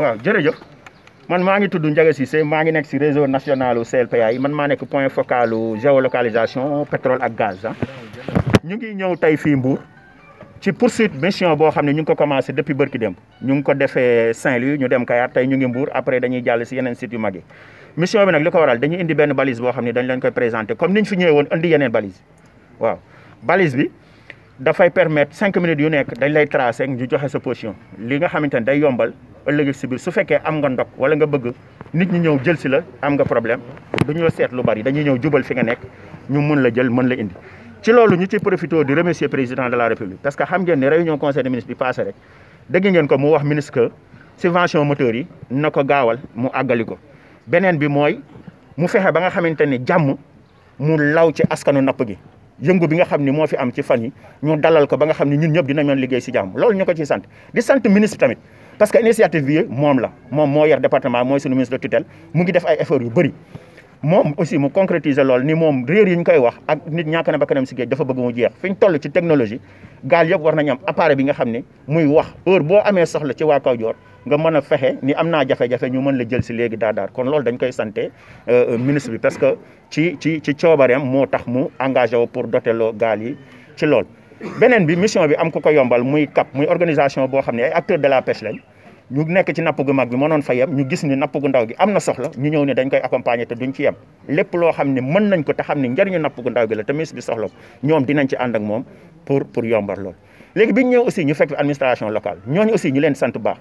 waaw jërëjëf man maa ngi tudd Ndiaga Cissé maa ngi nekk si réseau national CLPA yi man maa nekk point focal géolocalisation pétrole ak gaz ah. ñu ngi ñëw tey fii Mbour ci poursuite mission boo xam ne ñu ngi ko commencé depuis barki démb ñu ngi ko defee Saint-Louis ñu dem Kayar tey ñu ngi Mbour après dañuy jàll si yeneen site yu mag yi mission bi nag li ko waral dañuy indi benn balise boo xam ne dañ leen koy présenté comme niñ fi ñëwee woon indi yeneen balise waaw balise bi dafay permettre 5 minutes yu nekk dañ lay tracé ñu joxe sa position li nga xamante ne day yombal ëllëg si biir su fekkee am nga ndog wala nga bëgg nit ñi ñëw jël si la am nga problème du ñu seet lu bari dañuy ñëw jubal fi nga nekk ñu mën la jël mën la indi. ci loolu ñu ci profité di remercier président de la république parce que xam ngeen ne réunion conseil des ministres bi passé rek dégg ngeen ko mu wax ministre que subvention moteur yi na ko gaawal mu àggali ko beneen bi mooy mu fexe ba nga xamante ni jàmm mu law ci askanu napp gi. yëngu bi nga xam ni moo fi am ci fan yi ñu dalal ko ba nga xam ni ñun ñëpp dinañu liggéey si jàmm loolu ñu ko ciy sant di sant ministre tamit. parce que initiative bi mom la mom mo yor département moy suñu ministre de tutelle mu ngi def ay efforts yu bari mom aussi mu concrétiser l'ol ni mom réer yi ñu koy wax ak nit ñàkk na ba kanam si dafa bëgg mu jeex fiñ ñu toll ci technologie gal yëpp war nañu am appareil bi nga xamné muy wax heure bo amé soxla ci kaw jor nga mëna fexé ni amna jafé jafé ñu mëna la jël si léegi daadaar kon l'ol dañ koy santé euh, ministre bi parce que ci ci ci coobareem mo tax mu engagé wu pour lo gal yi ci loolu benen bi mission bi am ku ko yombal muy CAP muy organisation bo xamné ay acteurs de la pêche lañ ñu nekk ci napp gu mag bi mënoon fa yem ñu gis ni napp gu ndaw gi am na soxla ñu ñëw ne dañ koy accompagner te duñ ci yem lépp loo xam ne mën nañ ko te xam ni njëriñu napp gu ndaw gi la te ministre bi soxla ko dinañ ci ànd ak moom pour pour yombar lool léegi bi ñu ñëw aussi ñu fekk administration local ñooñu aussi ñu leen sant baax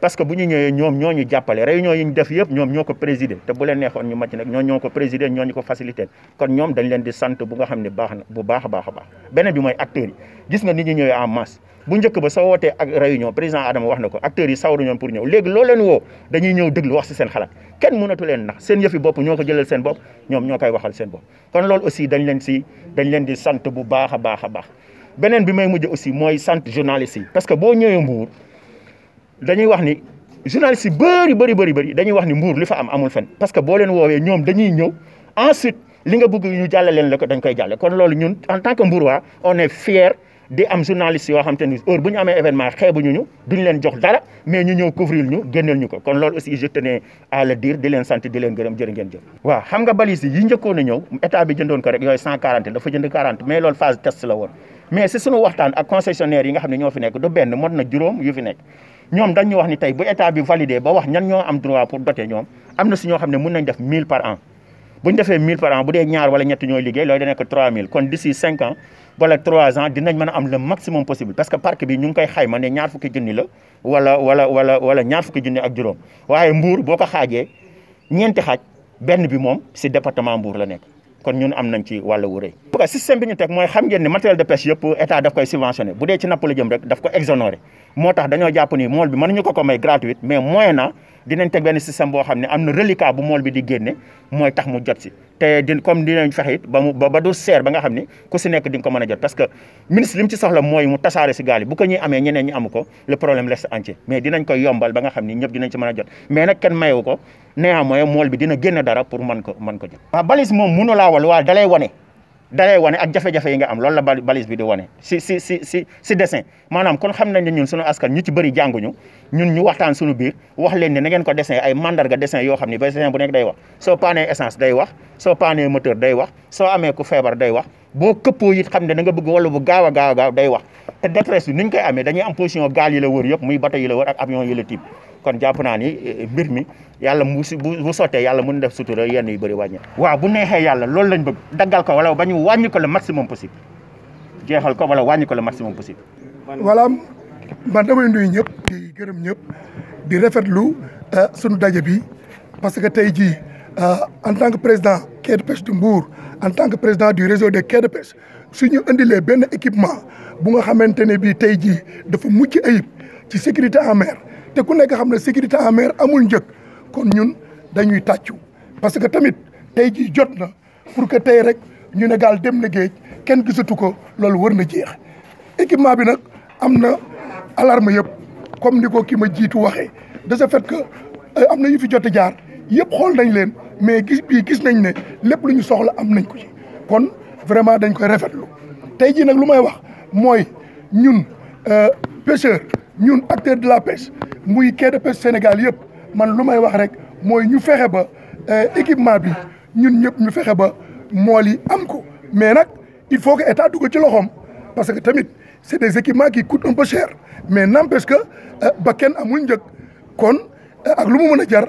parce que bu ñu ñëwee ñoom ñoo ñu jàppale réunion yi ñu def yëpp ñoom ñoo ko présider te bu leen ñu màcc nag ñoo ñoo ko présider ñoo ñu ko faciliter kon ñoom dañ leen di sant bu nga xam ne baax na bu baax a baax a baax bi mooy acteurs gis nga nit ñi ñëwee en masse bu njëkk ba soo wootee ak réunion président Adama wax na ko acteurs yi sawaru ñoon pour ñëw léegi looleen leen woo dañuy ñëw déglu wax si seen xalaat kenn mënatu leen nax seen yëfi bopp ñoo ko jëlal seen bopp ñoom ñoo koy waxal seen bopp kon loolu aussi dañ leen si dañ leen di sant bu baax a baax a baax beneen bi may mujj aussi mooy sant journalistes yi parce que boo ñëwee Mbour dañuy wax ni journalistes yi bëri bëri bëri bëri dañuy wax ni mbuur li fa am amul fen parce que boo leen woowee ñoom dañuy ñëw ensuite li nga bëgg ñu jàlle leen la ko dañ koy jàlle kon loolu ñun en tant que Mbourois on est di am journaliste yoo xam te ni heure bu ñu événement xeebuñu ñu duñ leen jox dara mais ñu ñëw couvrir ñu génneel ñu ko kon loolu aussi je tenais à le di leen sant di leen gërëm jërë ngeen jëf. waaw xam nga balise yi njëkkoon a ñëw état bi jëndoon ko rek yooyu cent quarante dafa jënd quarante mais loolu phase test la woon mais si suñu waxtaan ak concessionnaire yi nga xam ne ñoo fi nekk du benn mot na juróom yu fi nekk ñoom dañ ñu wax ni tey bu état bi validé ba wax ñan ñoo am droit pour doter ñoom na si ñoo xam ne mun nañ def mille par bu ñu defee 1000 par an bu dee ñaar wala ñett ñooy liggéey loolu da nekk 3000 kon d'ici 5 ans wala 3 ans dinañ mën a am le maximum possible parce que parc bi ñu ngi koy xayma ne ñaar fukki junni la wala wala wala wala ñaar fukki junni ak juróom waaye Mbour boo ko xaajee ñeenti xaaj benn bi moom si département Mbour la nekk kon ñun am nañ ci wàll wu rëy parce que système bi ñu teg mooy xam ngeen ni matériel de pêche yëpp état daf koy subventionné bu dee ci napp la jëm rek daf ko exonéré je tax dañoo jàpp ni mool bi suis ko ko may gratuite mais moyen na dinañ teg benn système boo xam ne am bu mool bi di génne mooy tax mu jot si te di comme dinañ fexe it ba mu ba du seer ba nga je ne ku si nekk di nga ko mën a jot parce que ministre li mu ci soxla mooy mu tasaare si gaal yi bu ko ñuy amee ñeneen ñi amu suis le problème reste entier mais dinañ koy yombal ba nga xam ni ñëpp dinañ ci mën jot mais nag kenn mayewu je néanmoins mool bi dina génne dara pour mën ko mën ko jot waaw balise moom mënu laa wal waa dalay wane dalay wane a jafe-jafe nga am loolu la balise bi di wane si si si si maanaam kon xam nañ ne ñun suñu askan ñu ci bëri jànguñu ñun ñu waxtaan suñu biir wax leen ne na ngeen ko dessin ay mandarga dessin yoo xam ni ba dessin bu nekk day wax soo paanee essence day wax soo paanee moteur day wax soo amee ko feebar day wax boo këppoo it xam ne da nga bëgg wala bu gaaw a gaaw a gaaw day wax te détresse bi ni ñu amee dañuy am position gaal yi la wër yëpp muy bateau yi la wër kon japp na ni eh, eh, mbir mi yalla mu bu soté yalla mën def sutura yenn yu bari wañe wa bu nexé yalla loolu lañ bëgg daggal ko wala bañu wañi ko le maximum possible jéxal ko wala wañi ko le maximum possible wala man damay nuyu ñëpp di gërëm ñëpp di rafetlu euh, suñu daje bi parce que tey jii euh, en tant que président quai de pêche du Mbour en tant que président du réseau de quais de pêche suñu indilee ben équipement bu nga xamante ne tay ji dafa mucc ayib ci sécurité en mer te ku nekk xam ne sécurité en mer amul njëkk kon ñun dañuy tàccu parce que tamit tey jii jot na pour que tey rek ñu ne gaal dem ne géej kenn gisatu ko loolu war na jeex équipement bi nag am na alarme yëpp comme ni ko ki ma jiitu waxee de ce fait que euh, am na ñu fi jot jaar yëpp xool nañ leen mais gis bii gis nañ ne lépp lu ñu soxla am nañ ko ci kon vraiment dañ koy rafetlu tey jii nag lu may wax mooy ñun euh, pêcheur ñun acteur de la pêche muy quai de pêche Sénégal yëpp man lu may wax rek mooy ñu fexe ba eh, équipement bi ñun ñëpp ñu fexe ba mool am ko mais il faut que état dugal ci loxoom parce que tamit c'est des équipements qui coûtent un peu cher mais n'empêche que eh, ba kenn amul njëg kon eh, ak lu jar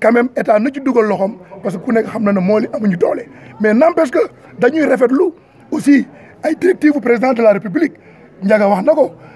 quand même état na ci dugal loxoom parce que ku nekk xam na ne mool yi amuñu doole mais n'empêche que dañuy rafetlu aussi ay directives président de la république Ndiaga wax na ko.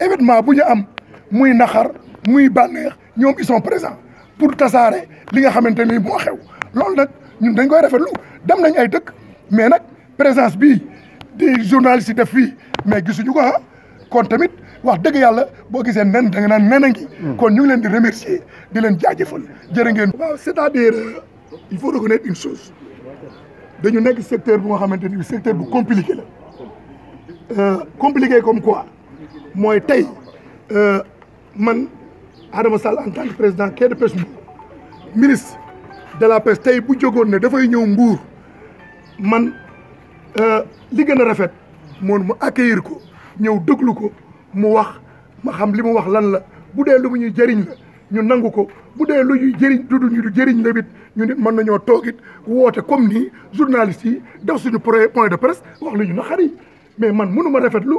événement bu ñu am muy naxar muy banex ñom ils sont présents pour tassaré li nga xamanteni ni moo xew loolu nag ñun dañ koy rafetlu dem nañ ay dëkk mais nak présence bi des journalistes yi def fii mais gisuñu ko ah. kon tamit wax deug yalla bo gisé nen da nga nan nen a hmm. kon ñu ngi leen di remercier di leen jaajëfal jërë ngeen waaw c'est-à-dire euh, il faut reconnaître une chose dañu nekk secteur bu nga xamanteni secteur bu compliqué la euh compliqué comme quoi mooy tey euh, man Adama Sall en tant que président quai de pêche Mbour ministre de la pêche tey bu jógoon ne dafay ñëw Mbour man euh, li gën a rafet moon mu accueillir ko ñëw déglu ko mu wax ma xam li mu wax lan la bu dee lu mu ñuy jëriñ la ñu nangu ko bu dee lu ñuy jëriñ dudu ñu jëriñ la bit ñu nit mën nañoo toogit woote comme nii journaliste yi def suñu point de presse wax lu ñu na xari mais man mënuma ma rafetlu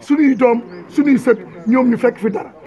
suñuy doom suñuy sët ñoom ñu fekk fi dara